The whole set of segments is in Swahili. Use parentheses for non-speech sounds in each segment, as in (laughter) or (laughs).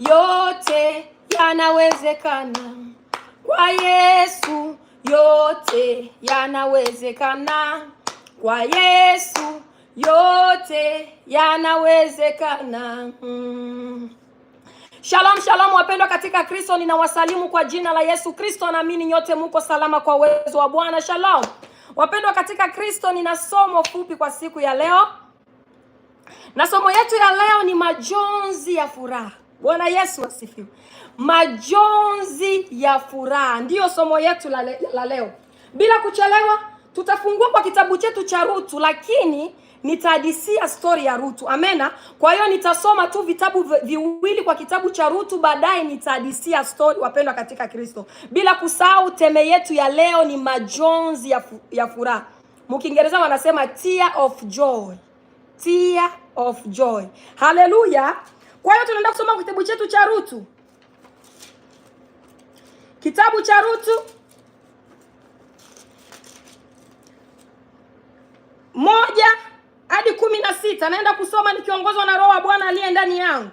yote yanawezekana kwa Yesu, yote yanawezekana kwa Yesu, yote yanawezekana. Mm. Shalom, shalom wapendwa katika Kristo, ninawasalimu kwa jina la Yesu Kristo. Naamini nyote muko salama kwa uwezo wa Bwana. Shalom wapendwa katika Kristo, nina somo fupi kwa siku ya leo, na somo yetu ya leo ni majonzi ya furaha. Bwana Yesu asifiwe. Majonzi ya furaha ndiyo somo yetu la, le, la leo. Bila kuchelewa, tutafungua kwa kitabu chetu cha Rutu, lakini nitahadisia stori ya Rutu. Amena. Kwa hiyo nitasoma tu vitabu viwili kwa kitabu cha Rutu, baadaye nitahadisia stori, wapendwa katika Kristo, bila kusahau teme yetu ya leo ni majonzi ya, fu, ya furaha. Mkiingereza wanasema tear of joy, tear of joy. Haleluya. Kwa hiyo tunaenda kusoma kitabu chetu cha Rutu, kitabu cha Rutu moja hadi kumi na sita. Naenda kusoma nikiongozwa na Roho wa Bwana aliye ndani yangu.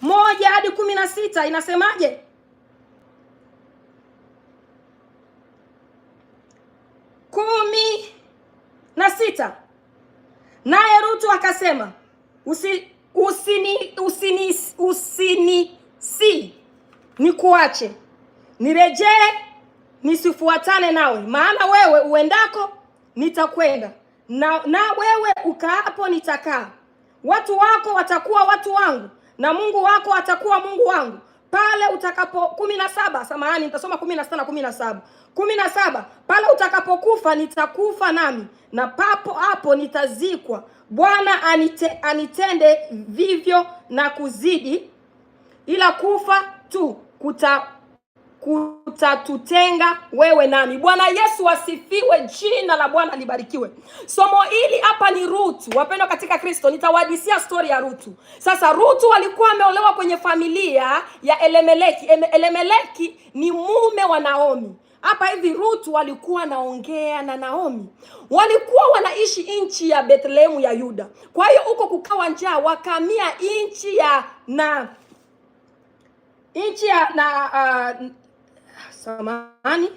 Moja hadi kumi na sita inasemaje? kumi na sita. Naye Rutu akasema usi usini usini usini si nikuache, nirejee, nisifuatane nawe, maana wewe uendako nitakwenda na, na wewe ukaapo nitakaa. Watu wako watakuwa watu wangu na Mungu wako atakuwa Mungu wangu pale utakapo. kumi na saba, samahani, nitasoma kumi na sita na kumi na saba. Kumi na saba pale utakapo, nitakapokufa nitakufa nami, na papo hapo nitazikwa. Bwana anite, anitende vivyo na kuzidi, ila kufa tu kuta kutatutenga wewe nami. Bwana Yesu asifiwe, jina la Bwana libarikiwe. Somo hili hapa ni Rutu. Wapendwa katika Kristo, nitawahadisia stori ya Rutu. Sasa Rutu alikuwa ameolewa kwenye familia ya Elemeleki. Elemeleki ni mume wa Naomi hapa hivi Ruth walikuwa naongea na Naomi, walikuwa wanaishi nchi ya Bethlehemu ya Yuda. Kwa hiyo huko kukawa njaa, wakamia nchi ya na nchi ya na uh, samani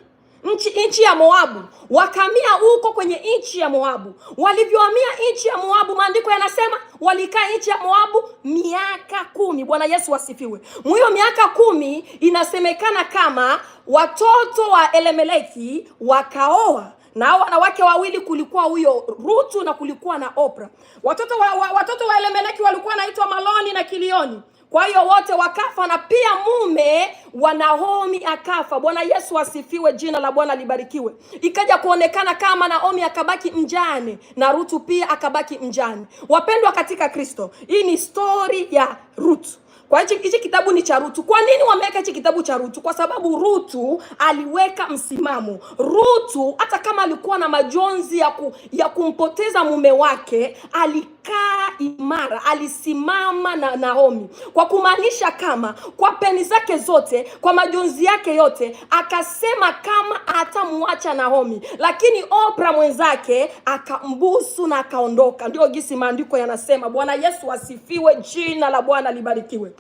nchi nchi ya Moabu, wakamia huko kwenye nchi ya Moabu. Walivyohamia nchi ya Moabu, maandiko yanasema walikaa nchi ya Moabu miaka kumi. Bwana Yesu asifiwe. Mwiyo miaka kumi inasemekana kama watoto wa Elemeleki wakaoa na hao wanawake wawili kulikuwa huyo Rutu na kulikuwa na Opra. Watoto wa, wa, watoto wa Elemeleki walikuwa naitwa Maloni na Kilioni. Kwa hiyo wote wakafa na pia mume wa Naomi akafa. Bwana Yesu asifiwe, jina la Bwana libarikiwe. Ikaja kuonekana kama Naomi akabaki mjane na Rutu pia akabaki mjane. Wapendwa katika Kristo, hii ni stori ya Rutu. Kwa hiyo hichi kitabu ni cha Rutu. Kwa nini wameweka hichi kitabu cha Rutu? Kwa sababu Rutu aliweka msimamo. Rutu hata kama alikuwa na majonzi ya, ku, ya kumpoteza mume wake ali akakaa imara, alisimama na Naomi kwa kumaanisha kama kwa peni zake zote, kwa majonzi yake yote, akasema kama atamwacha Naomi, lakini Oprah mwenzake akambusu na akaondoka. Ndio gisi maandiko yanasema. Bwana Yesu asifiwe, jina la Bwana libarikiwe.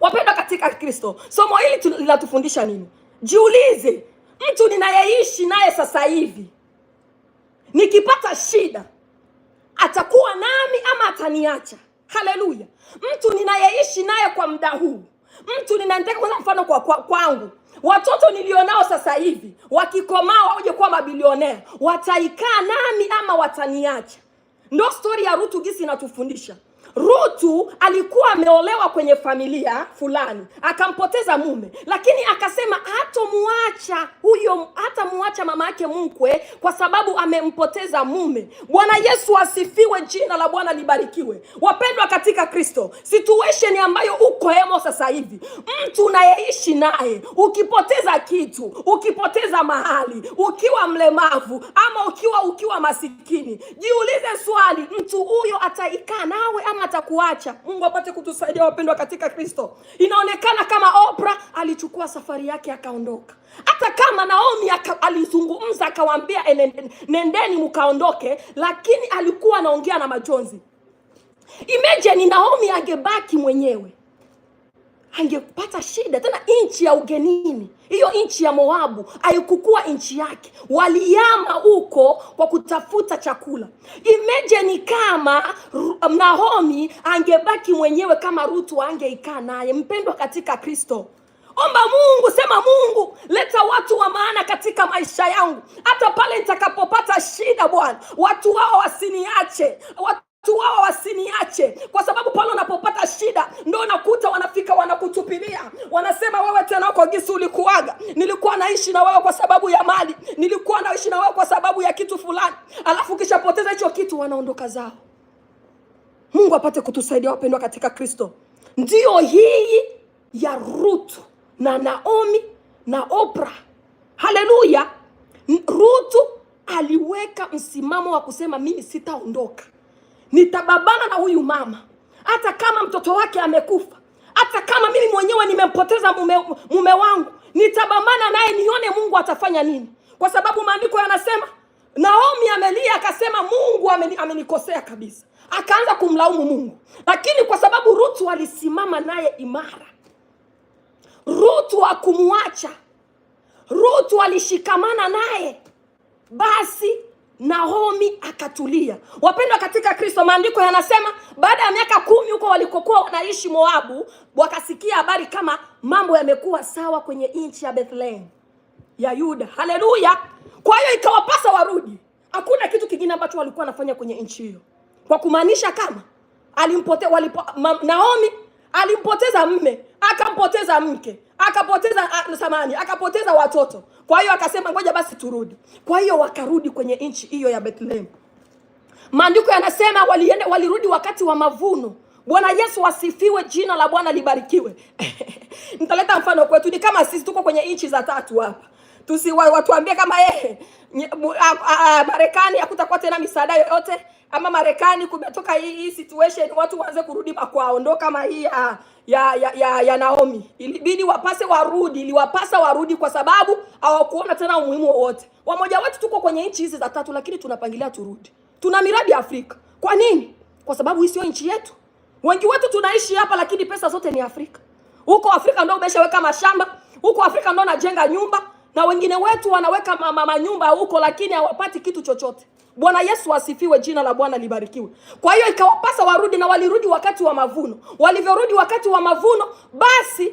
Wapendwa katika Kristo, somo hili linatufundisha nini? Jiulize, mtu ninayeishi naye sasa hivi nikipata shida atakuwa nami ama ataniacha. Haleluya! mtu ninayeishi naye kwa muda huu, mtu ninaendeka kwanza mfano kwa, kwa kwangu watoto nilionao sasa hivi wakikomaa waje kuwa mabilionea, wataikaa nami ama wataniacha? Ndo stori ya Rutu gisi inatufundisha. Rutu alikuwa ameolewa kwenye familia fulani akampoteza mume, lakini akasema hatomuacha huyo, hatamwacha mama yake mkwe kwa sababu amempoteza mume. Bwana Yesu asifiwe, jina la Bwana libarikiwe. Wapendwa katika Kristo, situation ambayo uko hemo sasa hivi, mtu unayeishi naye, ukipoteza kitu, ukipoteza mahali, ukiwa mlemavu ama ukiwa ukiwa masikini, jiulize swali, mtu huyo ataikaa nawe ama atakuacha. Mungu apate kutusaidia wapendwa katika Kristo. Inaonekana kama Oprah alichukua safari yake akaondoka, hata kama Naomi aka, alizungumza akawaambia eh, nendeni mkaondoke, lakini alikuwa anaongea na majonzi. Imagine Naomi angebaki mwenyewe angepata shida tena. Nchi ya ugenini hiyo, nchi ya Moabu aikukua nchi yake, waliama huko kwa kutafuta chakula. Imagine kama Naomi angebaki mwenyewe kama Rutu angeikaa naye. Mpendwa katika Kristo, omba Mungu, sema Mungu, leta watu wa maana katika maisha yangu, hata pale nitakapopata shida Bwana, watu hao wasiniache watu watu hawa wasiniache, kwa sababu pale unapopata shida ndo unakuta wanafika wanakutupilia, wanasema wewe tena uko gisi ulikuaga. Nilikuwa naishi na wewe kwa sababu ya mali, nilikuwa naishi na wewe kwa sababu ya kitu fulani, alafu ukishapoteza hicho kitu wanaondoka zao. Mungu apate kutusaidia wapendwa katika Kristo. Ndio hii ya Rutu na Naomi na Oprah. Haleluya! Rutu aliweka msimamo wa kusema mimi sitaondoka nitababana na huyu mama, hata kama mtoto wake amekufa, hata kama mimi mwenyewe nimempoteza mume, mume wangu, nitabambana naye nione Mungu atafanya nini, kwa sababu maandiko yanasema Naomi amelia akasema, Mungu amenikosea kabisa, akaanza kumlaumu Mungu. Lakini kwa sababu Rutu alisimama naye imara, Rutu hakumwacha, Rutu alishikamana naye, basi Naomi akatulia. Wapendwa katika Kristo, maandiko yanasema baada ya miaka kumi huko walikokuwa wanaishi Moabu, wakasikia habari kama mambo yamekuwa sawa kwenye nchi ya Bethlehem ya Yuda. Haleluya! Kwa hiyo ikawapasa warudi. Hakuna kitu kingine ambacho walikuwa wanafanya kwenye nchi hiyo, kwa kumaanisha kama alimpote, walipo, ma, Naomi alimpoteza mme akampoteza mke, akapoteza ah, samani, akapoteza watoto. Kwa hiyo akasema ngoja basi turudi. Kwa hiyo wakarudi kwenye nchi hiyo ya Bethlehem. Maandiko yanasema walienda, walirudi wakati wa mavuno. Bwana Yesu asifiwe, jina la Bwana libarikiwe. (laughs) Nitaleta mfano kwetu, ni kama sisi tuko kwenye nchi za tatu hapa tusi watuambie kama yeye eh, Marekani hakutakuwa tena misaada yoyote ama Marekani kumetoka hii hii situation, watu waanze kurudi makwao, ndo kama hii ya ya, ya, ya, ya Naomi ilibidi wapase warudi, iliwapasa warudi kwa sababu hawakuona tena umuhimu wowote. Wamoja wetu tuko kwenye nchi hizi za tatu, lakini tunapangilia turudi, tuna miradi Afrika. Kwa nini? Kwa sababu hii sio nchi yetu. Wengi wetu tunaishi hapa, lakini pesa zote ni Afrika. Huko Afrika ndo umeshaweka mashamba, huko Afrika ndo unajenga nyumba, na wengine wetu wanaweka manyumba huko, lakini hawapati kitu chochote. Bwana Yesu asifiwe, jina la Bwana libarikiwe. Kwa hiyo ikawapasa warudi, na walirudi wakati wa mavuno. Walivyorudi wakati wa mavuno, basi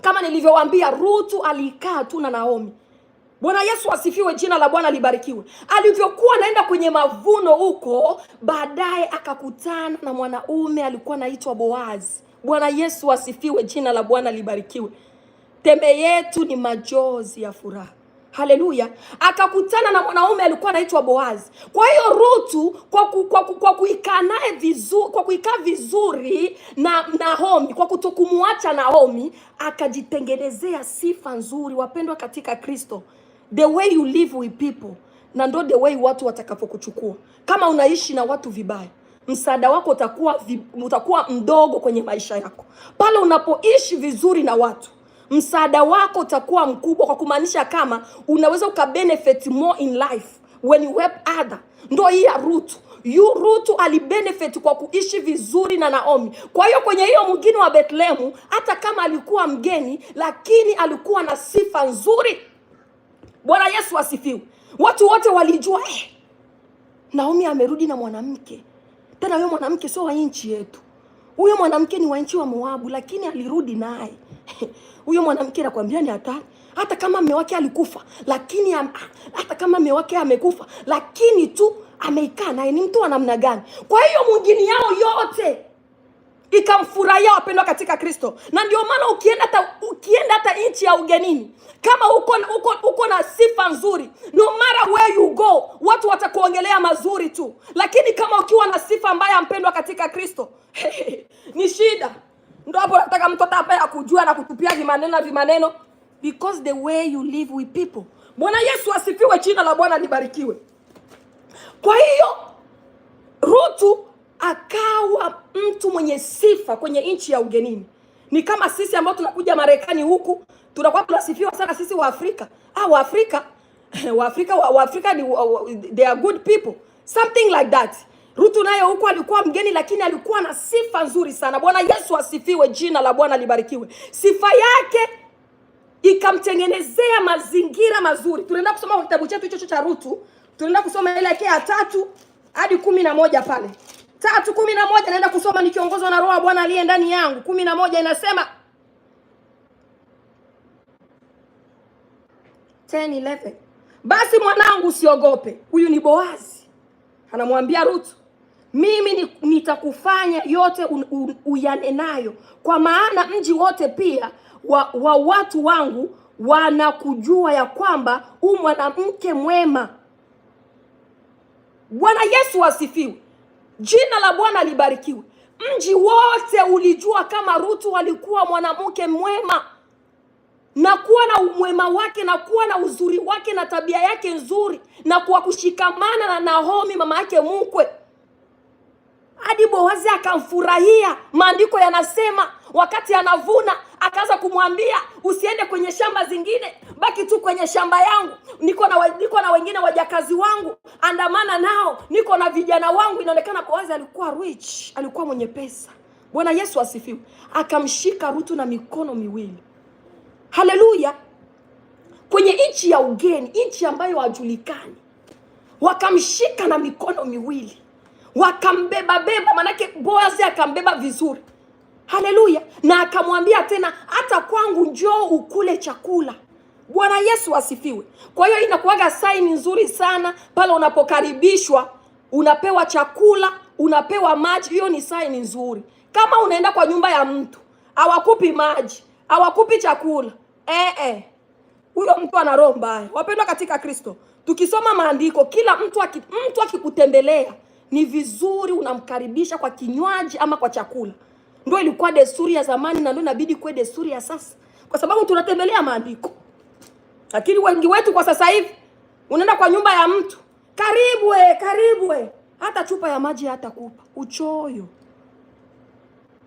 kama nilivyowaambia, rutu alikaa tu na Naomi. Bwana Yesu asifiwe, jina la Bwana libarikiwe. Alivyokuwa anaenda kwenye mavuno huko, baadaye akakutana na mwanaume alikuwa anaitwa Boazi. Bwana Yesu asifiwe, jina la Bwana libarikiwe. Tembe yetu ni majozi ya furaha. Haleluya, akakutana na mwanaume alikuwa anaitwa Boazi. Kwa hiyo Rutu kwa, ku, kwa, ku, kwa kuikaa naye vizuri, kwa kuikaa vizuri na Naomi, kwa kutokumwacha Naomi, akajitengenezea sifa nzuri. Wapendwa katika Kristo, the way you live with people, na ndo the way watu watakapokuchukua. Kama unaishi na watu vibaya msaada wako utakuwa, utakuwa mdogo kwenye maisha yako. Pale unapoishi vizuri na watu msaada wako utakuwa mkubwa, kwa kumaanisha kama unaweza ukabenefit more in life when you help other. Ndo hii ya Rutu yu Rutu alibenefit kwa kuishi vizuri na Naomi. Kwa hiyo kwenye hiyo mwingine wa Bethlehemu, hata kama alikuwa mgeni, lakini alikuwa na sifa nzuri. Bwana Yesu asifiwe. Watu wote walijua eh, Naomi amerudi na mwanamke tena. Huyo mwanamke sio wa nchi yetu, huyo mwanamke ni wa nchi wa Moabu, lakini alirudi naye. (laughs) huyo mwanamke nakwambia ni hatari. Hata kama mume wake alikufa, lakini hata kama mume wake amekufa, lakini tu ameikaa naye, ni mtu wa namna gani? Kwa hiyo mwingine yao yote ikamfurahia wapendwa katika Kristo. Na ndio maana ukienda hata ukienda hata nchi ya ugenini, kama uko uko uko na sifa nzuri, no mara where you go, watu watakuongelea mazuri tu, lakini kama ukiwa na sifa mbaya, mpendwa katika Kristo, (laughs) ni shida. Ndio hapo nataka mtoto hapa akujua na kutupia vimaneno vimaneno, because the way you live with people. Bwana Yesu asifiwe, jina la Bwana libarikiwe. Kwa hiyo Rutu akawa mtu mwenye sifa kwenye nchi ya ugenini. Ni kama sisi ambao tunakuja Marekani huku tunakuwa tunasifiwa sana sisi Afrika. Ah, (laughs) Afrika wa Afrika ni they are good people something like that rutu naye huko alikuwa mgeni, lakini alikuwa na sifa nzuri sana. Bwana Yesu asifiwe, jina la Bwana libarikiwe. Sifa yake ikamtengenezea mazingira mazuri. Tunaenda kusoma kitabu chetu hicho cha rutu tunaenda kusoma ile yake ya tatu hadi kumi na moja pale tatu kumi na moja naenda kusoma nikiongozwa na Roho Bwana aliye ndani yangu. kumi na moja inasema 10, 11. Basi mwanangu, usiogope. Huyu ni Boazi anamwambia Ruthu mimi nitakufanya yote uyane nayo uyanenayo, kwa maana mji wote pia wa, wa watu wangu wanakujua ya kwamba u mwanamke mwema. Bwana Yesu asifiwe, jina la Bwana libarikiwe. Mji wote ulijua kama Rutu alikuwa mwanamke mwema na kuwa na umwema wake na kuwa na uzuri wake na tabia yake nzuri na kwa kushikamana na Naomi mama yake mkwe hadi Boazi akamfurahia. Maandiko yanasema wakati anavuna akaanza kumwambia usiende kwenye shamba zingine, baki tu kwenye shamba yangu. Niko na, niko na wengine wajakazi wangu, andamana nao, niko na vijana wangu. Inaonekana Boazi alikuwa rich, alikuwa mwenye pesa. Bwana Yesu asifiwe. Akamshika Rutu na mikono miwili. Haleluya! Kwenye nchi ya ugeni, nchi ambayo hajulikani, wakamshika na mikono miwili wakambeba beba, manake Boazi akambeba vizuri. Haleluya! Na akamwambia tena, hata kwangu njoo ukule chakula. Bwana Yesu asifiwe. Kwa hiyo inakuwaga saini nzuri sana pale unapokaribishwa, unapewa chakula, unapewa maji. Hiyo ni saini nzuri. Kama unaenda kwa nyumba ya mtu awakupi maji, awakupi chakula, eh eh, huyo mtu ana roho mbaya. Wapendwa katika Kristo, tukisoma maandiko, kila mtu aki, mtu akikutembelea ni vizuri unamkaribisha kwa kinywaji ama kwa chakula. Ndio ilikuwa desturi ya zamani na ndio inabidi kuwe desturi ya sasa, kwa sababu tunatembelea maandiko. Lakini wengi wetu kwa sasa hivi unaenda kwa nyumba ya mtu, karibu we, karibu we, hata chupa ya maji hatakupa, uchoyo,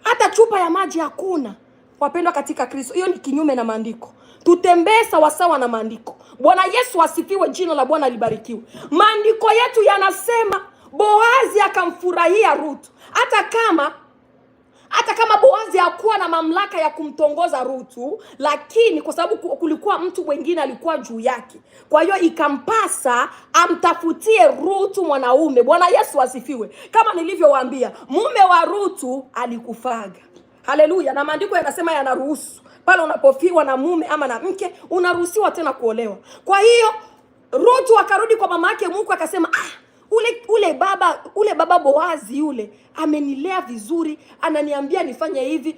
hata chupa ya maji hakuna. Wapendwa katika Kristo, hiyo ni kinyume na maandiko. Tutembee sawasawa na maandiko. Bwana Yesu asifiwe, jina la Bwana libarikiwe. Maandiko yetu yanasema Boazi akamfurahia Ruth, hata kama hata kama Boazi hakuwa na mamlaka ya kumtongoza Rutu, lakini kwa sababu kulikuwa mtu mwingine alikuwa juu yake, kwa hiyo ikampasa amtafutie Rutu mwanaume. Bwana Yesu asifiwe. Kama nilivyowaambia, mume wa Rutu alikufaga. Haleluya! Na maandiko yanasema yanaruhusu pale unapofiwa na mume ama na mke, unaruhusiwa tena kuolewa. Kwa hiyo Rutu akarudi kwa mama yake Mungu akasema ah, Ule ule baba ule baba Boazi yule amenilea vizuri, ananiambia nifanye hivi.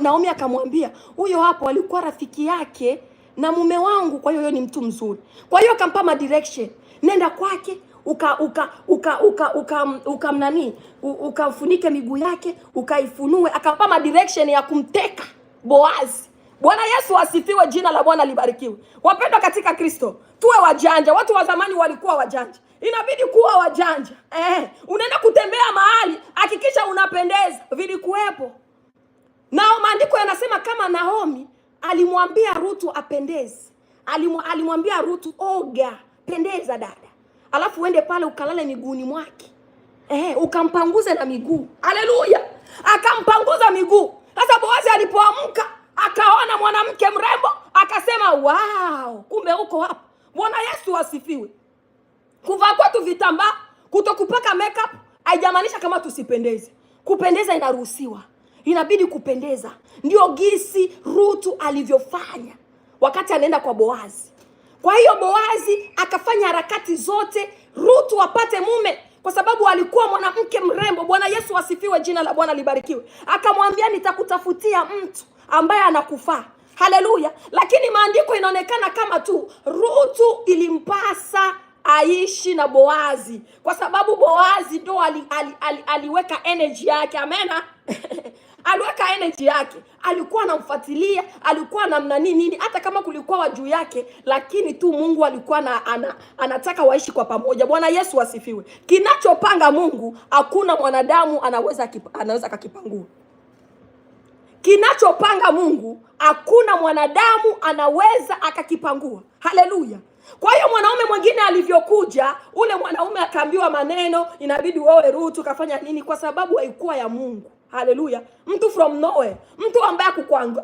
Naomi akamwambia huyo hapo alikuwa rafiki yake na mume wangu, kwa hiyo huyo ni mtu mzuri. Kwa hiyo akampa ma direction, nenda kwake uka uka uka uka uka ukamnani ukamfunike miguu yake ukaifunue. Akampa ma direction ya kumteka Boazi. Bwana Yesu asifiwe, jina la Bwana libarikiwe. Wapendwa katika Kristo, tuwe wajanja. Watu wa zamani walikuwa wajanja inabidi kuwa wajanja eh. Unaenda kutembea mahali, hakikisha unapendeza. Vilikuwepo nao, maandiko yanasema kama Naomi alimwambia Rutu apendeze, alimwambia Rutu oga, pendeza dada, alafu uende pale ukalale miguuni mwake eh, ukampanguze na miguu. Haleluya, akampanguza miguu. Sasa Boazi alipoamka akaona mwanamke mrembo, akasema wow, kumbe uko hapa. Bwana Yesu asifiwe. Kuvaa kwetu vitambaa, kutokupaka makeup haijamaanisha kama tusipendeze. Kupendeza inaruhusiwa, inabidi kupendeza. Ndio gisi Rutu alivyofanya wakati anaenda kwa Boazi. Kwa hiyo Boazi akafanya harakati zote Rutu apate mume kwa sababu alikuwa mwanamke mrembo. Bwana Yesu asifiwe, jina la Bwana libarikiwe. Akamwambia, nitakutafutia mtu ambaye anakufaa. Haleluya! Lakini maandiko inaonekana kama tu Rutu ilimpasa aishi na Boazi, kwa sababu Boazi ndo ali, ali, ali, aliweka energy yake. Amena. (laughs) aliweka energy yake, alikuwa anamfuatilia, alikuwa namna nini nini, hata kama kulikuwa juu yake, lakini tu Mungu alikuwa na, ana, anataka waishi kwa pamoja. Bwana Yesu asifiwe. Kinachopanga Mungu hakuna mwanadamu anaweza anaweza kakipangua. Kinachopanga Mungu hakuna mwanadamu anaweza akakipangua. Haleluya. Kwa hiyo mwanaume mwingine alivyokuja, ule mwanaume akaambiwa maneno, inabidi uoe Rutu, kafanya nini? Kwa sababu haikuwa ya Mungu. Haleluya! mtu from nowhere, mtu ambaye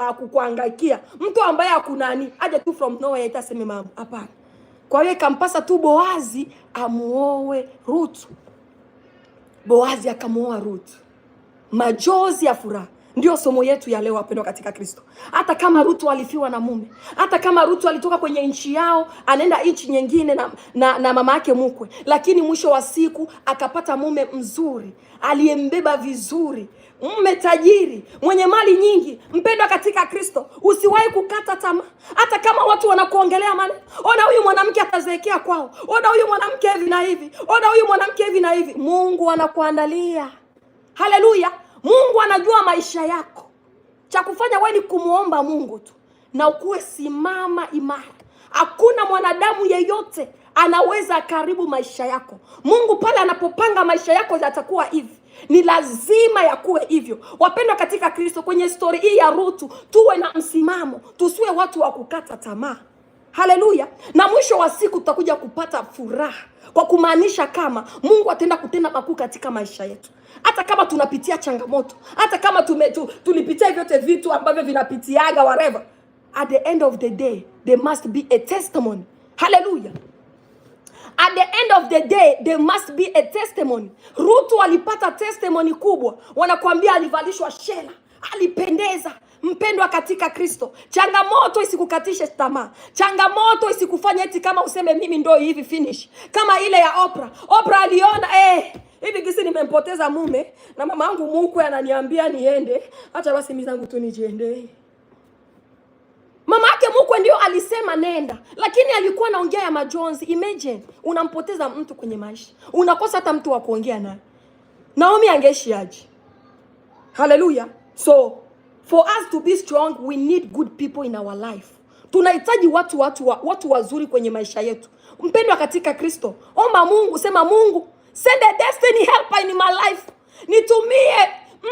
akukuangaikia, mtu ambaye akunani, aje tu from nowhere itaseme mambo hapana. Kwa hiyo ikampasa tu Boazi amuoe Rutu. Boazi akamuoa Rutu, majozi ya furaha. Ndio somo yetu ya leo wapendwa katika Kristo. Hata kama Rutu alifiwa na mume, hata kama Rutu alitoka kwenye nchi yao anaenda nchi nyingine na, na, na mama yake mkwe, lakini mwisho wa siku akapata mume mzuri aliyembeba vizuri, mume tajiri mwenye mali nyingi. Mpendwa katika Kristo, usiwahi kukata tamaa, hata kama watu wanakuongelea maneno, ona huyu mwanamke atazeekea kwao, ona huyu mwanamke hivi na hivi, ona huyu mwanamke hivi na hivi. Mungu anakuandalia Haleluya! Mungu anajua maisha yako, cha kufanya wewe ni kumwomba Mungu tu na ukuwe simama imara. Hakuna mwanadamu yeyote anaweza karibu maisha yako. Mungu pale anapopanga maisha yako yatakuwa hivi, ni lazima yakuwe hivyo. Wapendwa katika Kristo, kwenye stori hii ya Rutu tuwe na msimamo, tusiwe watu wa kukata tamaa. Haleluya! Na mwisho wa siku tutakuja kupata furaha, kwa kumaanisha kama Mungu ataenda kutenda makuu katika maisha yetu, hata kama tunapitia changamoto, hata kama tume, tu, tulipitia vyote vitu ambavyo vinapitiaga whatever, at the end of the day there must be a testimony. Haleluya! At the end of the day there must be a testimony. Rutu alipata testimony kubwa, wanakuambia alivalishwa shela, alipendeza mpendwa katika Kristo, changamoto isikukatishe tamaa, changamoto isikufanye eti kama useme mimi ndo hivi finish, kama ile ya Oprah. Oprah aliona eh, hivi gisi nimempoteza mume na mama yangu mukwe ananiambia niende, acha basi mimi zangu tu nijiende. Mama yake mukwe ndio alisema nenda, lakini alikuwa anaongea ya majonzi. Imagine unampoteza mtu kwenye maisha, unakosa hata mtu wa kuongea naye. Naomi angeishiaje? Haleluya! so For us to be strong, we need good people in our life. Tunahitaji watu watu wa, watu wazuri kwenye maisha yetu. Mpendwa katika Kristo, omba Mungu, sema Mungu, send a destiny helper in my life, nitumie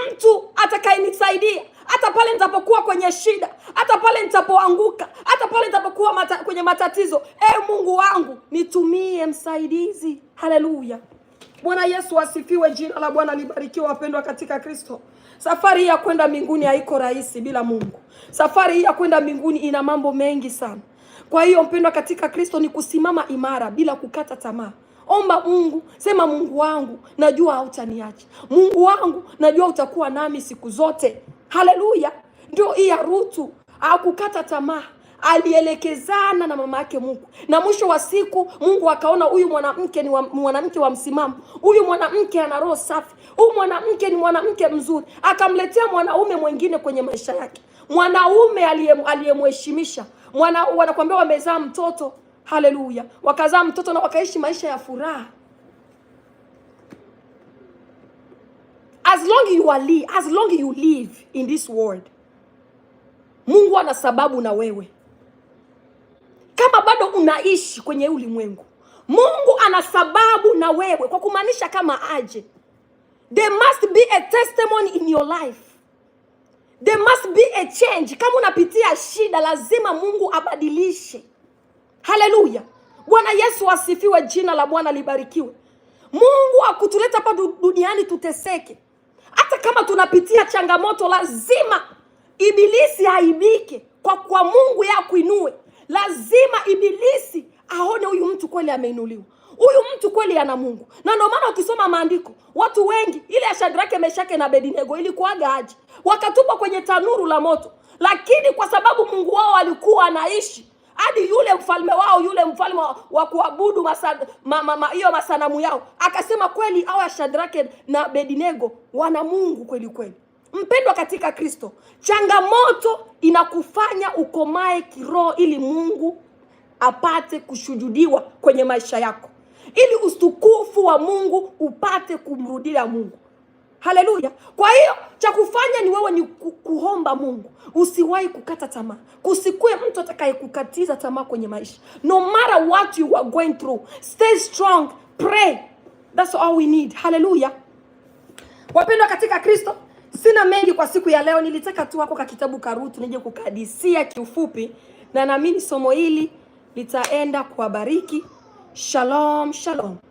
mtu atakayenisaidia hata pale nitapokuwa kwenye shida, hata pale nitapoanguka, hata pale nitapokuwa mata, kwenye matatizo. E Mungu wangu, nitumie msaidizi. Haleluya. Bwana Yesu asifiwe, jina la Bwana libarikiwa. Wapendwa katika Kristo, safari hii ya kwenda mbinguni haiko rahisi bila Mungu. Safari hii ya kwenda mbinguni ina mambo mengi sana. Kwa hiyo mpendwa katika Kristo, ni kusimama imara bila kukata tamaa. Omba Mungu, sema Mungu wangu, najua hautaniacha. Mungu wangu, najua utakuwa nami siku zote. Haleluya! Ndio hii ya Rutu, hakukata tamaa alielekezana na mama yake Mungu, na mwisho wa siku Mungu akaona huyu mwanamke ni mwanamke wa msimamo, huyu mwanamke ana roho safi, huyu mwanamke ni mwanamke mzuri. Akamletea mwanaume mwingine kwenye maisha yake, mwanaume aliyemheshimisha. Mwana wanakuambia wamezaa mtoto, haleluya, wakazaa mtoto na wakaishi maisha ya furaha. As long you are live, as long you live in this world, Mungu ana sababu na wewe kama bado unaishi kwenye ulimwengu, Mungu ana sababu na wewe, kwa kumaanisha kama aje, there must be a testimony in your life, there must be a change. Kama unapitia shida, lazima Mungu abadilishe. Haleluya! Bwana Yesu asifiwe, jina la Bwana libarikiwe. Mungu akutuleta hapa duniani tuteseke, hata kama tunapitia changamoto, lazima ibilisi aibike kwa kwa Mungu yakuinue lazima Ibilisi aone huyu mtu kweli ameinuliwa, huyu mtu kweli ana Mungu. Na ndio maana ukisoma maandiko, watu wengi ile ya Shadrake, Meshake na Abednego ilikuwaga aje? Wakatupwa kwenye tanuru la moto, lakini kwa sababu Mungu wao alikuwa anaishi hadi yule mfalme wao yule mfalme wa kuabudu hiyo masa, ma, ma, ma, masanamu yao akasema kweli hawa Shadrake na Abednego wana Mungu kweli kweli. Mpendwa katika Kristo, changamoto inakufanya ukomae kiroho, ili Mungu apate kushujudiwa kwenye maisha yako, ili utukufu wa Mungu upate kumrudia Mungu. Haleluya! Kwa hiyo cha kufanya ni wewe ni kuomba Mungu. Usiwahi kukata tamaa, kusikue mtu atakayekukatiza tamaa kwenye maisha. No matter what you are going through, stay strong, pray. That's all we need. Haleluya, wapendwa katika Kristo. Sina mengi kwa siku ya leo, nilitaka tu wako ka kitabu ka Ruth nije kukadisia kiufupi, na naamini somo hili litaenda kuwabariki. Shalom, shalom.